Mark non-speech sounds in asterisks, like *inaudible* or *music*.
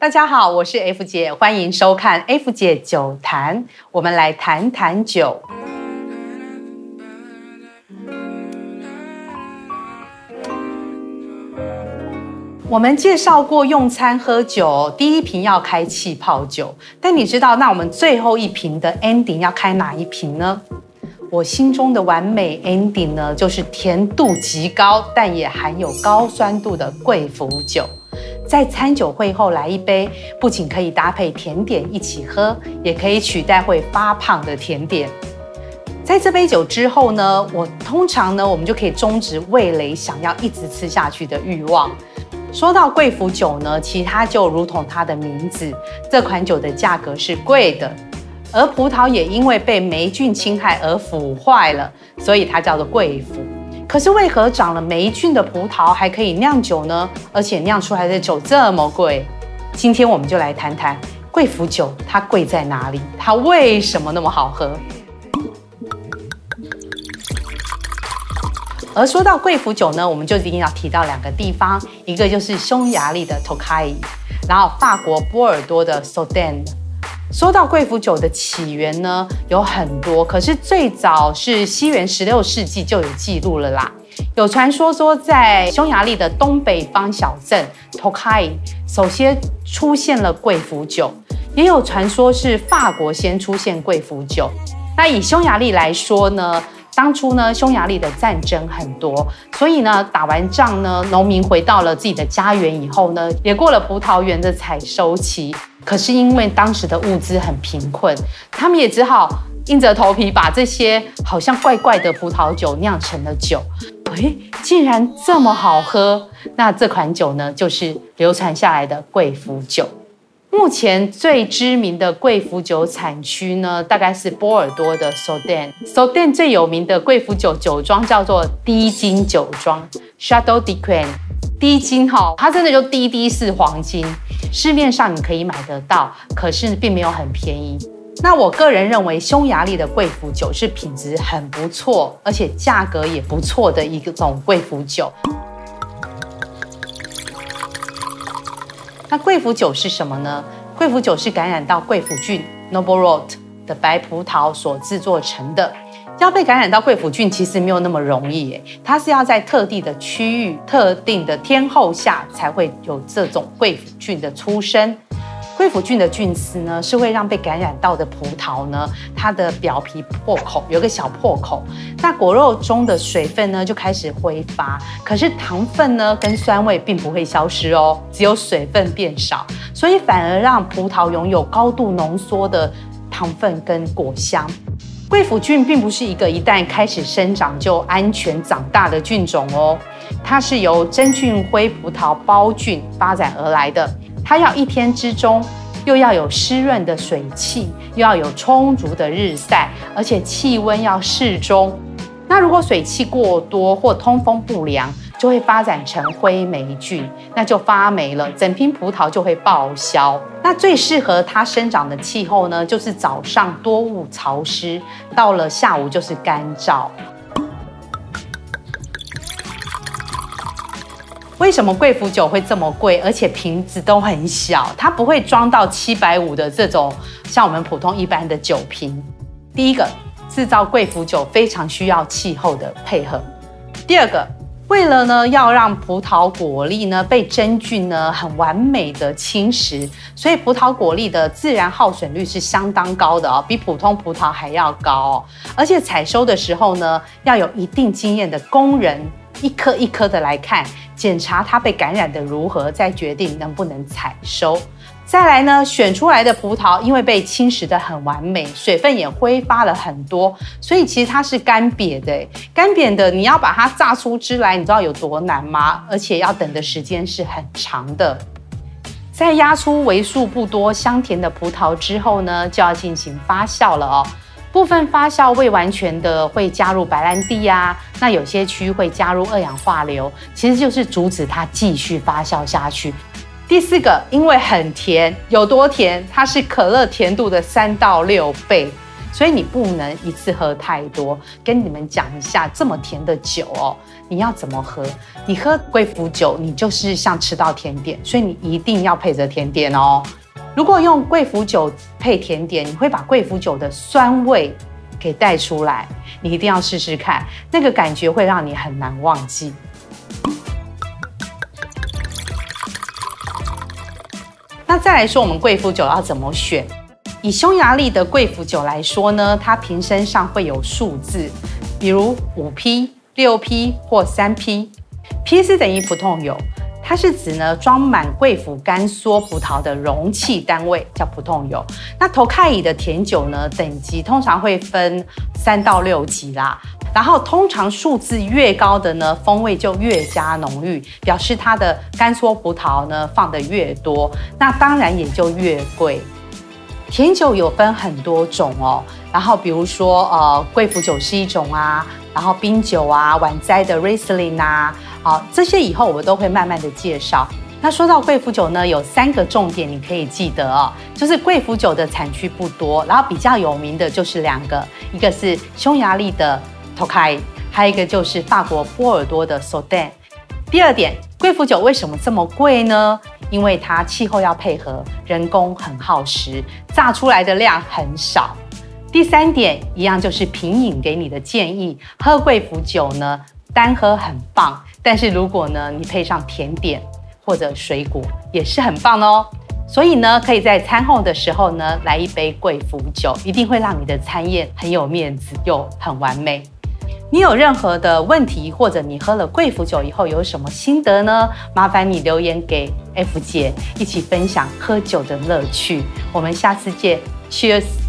大家好，我是 F 姐，歡迎收看 F 姐酒談。我們來談談酒。 *noise* 我們介紹過用餐喝酒，第一瓶要開氣泡酒，但你知道那我們最後一瓶的 ending 要開哪一瓶呢？我心中的完美 ending 呢，就是甜度極高，但也含有高酸度的貴腐酒。在餐酒會後來一杯，不僅可以搭配甜點一起喝，也可以取代會發胖的甜點。在這杯酒之後呢，我通常呢，我們就可以終止味蕾想要一直吃下去的慾望。說到貴腐酒呢，其實就如同它的名字，這款酒的價格是貴的，而葡萄也因為被黴菌侵害而腐壞了，所以它叫做貴腐。可是為何長了霉菌的葡萄還可以釀酒呢？而且釀出來的酒這麼貴？今天我們就來談談貴腐酒，它貴在哪裡？它為什麼那麼好喝？而說到貴腐酒呢，我們就一定要提到兩個地方，一個就是匈牙利的 Tokaji，然後法國波爾多的 Sauternes。說到貴腐酒的起源呢，有很多。可是最早是西元十六世紀就有記錄了啦。有傳說說在匈牙利的東北方小鎮托卡伊首先出現了貴腐酒，也有傳說是法國先出現貴腐酒。那以匈牙利來說呢，當初呢匈牙利的戰爭很多，所以呢打完仗呢，農民回到了自己的家園以後呢，也過了葡萄園的採收期。可是因為當時的物資很貧困，他們也只好硬着頭皮把這些好像怪怪的葡萄酒釀成了酒。哎，竟然這麼好喝！那這款酒呢，就是流傳下來的貴腐酒。目前最知名的貴腐酒產區呢，大概是波爾多的 Sauternes。Sauternes 最有名的貴腐酒酒酒莊叫做滴金酒莊 （Chateau d'Yquem）。滴金哈、哦，它真的就滴滴是黃金。市面上你可以買得到，可是並沒有很便宜。那我個人認為，匈牙利的貴腐酒是品質很不錯，而且價格也不錯的一種貴腐酒。那貴腐酒是什麼呢？貴腐酒是感染到貴腐菌 Noble Rot 的白葡萄所製作成的。要被感染到貴腐菌，其實沒有那麼容易誒。它是要在特定的區域、特定的天候下，才會有這種貴腐菌的出生。貴腐菌的菌絲呢，是會讓被感染到的葡萄呢，它的表皮破口，有個小破口。那果肉中的水分呢，就開始揮發。可是糖分呢，跟酸味並不會消失哦，只有水分變少，所以反而讓葡萄擁有高度濃縮的糖分跟果香。貴腐菌並不是一個一旦開始生長就安全長大的菌種哦，它是由真菌灰葡萄孢菌發展而來的。它要一天之中又要有濕潤的水汽，又要有充足的日曬，而且氣溫要適中。那如果水汽過多或通風不良，就會發展成灰黴菌，那就發黴了，整瓶葡萄就會報銷。那最適合它生長的氣候呢，就是早上多霧潮濕，到了下午就是乾燥。為什麼貴腐酒會這麼貴，而且瓶子都很小？它不會裝到七百五的這種像我們普通一般的酒瓶。第一個，製造貴腐酒非常需要氣候的配合；第二個，為了呢，要讓葡萄果粒呢被真菌呢很完美的侵蝕，所以葡萄果粒的自然耗損率是相當高的哦，比普通葡萄還要高哦。而且採收的時候呢，要有一定經驗的工人一顆一顆的來看，檢查它被感染的如何，再決定能不能採收。再來呢，選出來的葡萄因為被侵蝕得很完美，水分也揮發了很多，所以其實它是乾癟的。乾癟的，你要把它榨出汁來，你知道有多難嗎？而且要等的時間是很長的。在壓出為數不多香甜的葡萄之後呢，就要進行發酵了哦。部分發酵未完全的會加入白蘭地呀、啊，那有些區域會加入二氧化硫，其實就是阻止它繼續發酵下去。第四個，因為很甜，有多甜？它是可樂甜度的三到六倍，所以你不能一次喝太多。跟你們講一下，這麼甜的酒哦，你要怎麼喝？你喝貴腐酒，你就是像吃到甜點，所以你一定要配着甜點哦。如果用貴腐酒配甜點，你會把貴腐酒的酸味給帶出來，你一定要試試看，那個感覺會讓你很難忘記。再來說，我們貴腐酒要怎麼選？以匈牙利的貴腐酒來說呢，它瓶身上會有數字，比如五批、六批或三批。PS 等於葡萄酒，它是指呢裝滿貴腐乾縮葡萄的容器單位叫葡萄酒。那托卡伊的甜酒呢，等級通常會分三到六級啦。然後通常數字越高的呢，風味就越加濃郁，表示它的乾縮葡萄呢放得越多，那當然也就越貴。甜酒有分很多種哦，然後比如說呃貴腐酒是一種啊，然後冰酒啊，晚摘的 Riesling 啊，好這些以後我都會慢慢的介紹。那說到貴腐酒呢，有三個重點你可以記得哦，就是貴腐酒的產區不多，然後比較有名的就是兩個，一個是匈牙利的。投開，還有一個就是法國波爾多的 Sauternes。第二點，貴腐酒為什麼這麼貴呢？因為它氣候要配合，人工很耗時，榨出來的量很少。第三點，一樣就是品飲給你的建議，喝貴腐酒呢，單喝很棒，但是如果呢你配上甜點或者水果也是很棒哦。所以呢，可以在餐後的時候呢來一杯貴腐酒，一定會讓你的餐宴很有面子又很完美。你有任何的問題，或者你喝了貴腐酒以後有什麼心得呢？麻煩你留言給 F 姐，一起分享喝酒的樂趣。我們下次見，Cheers。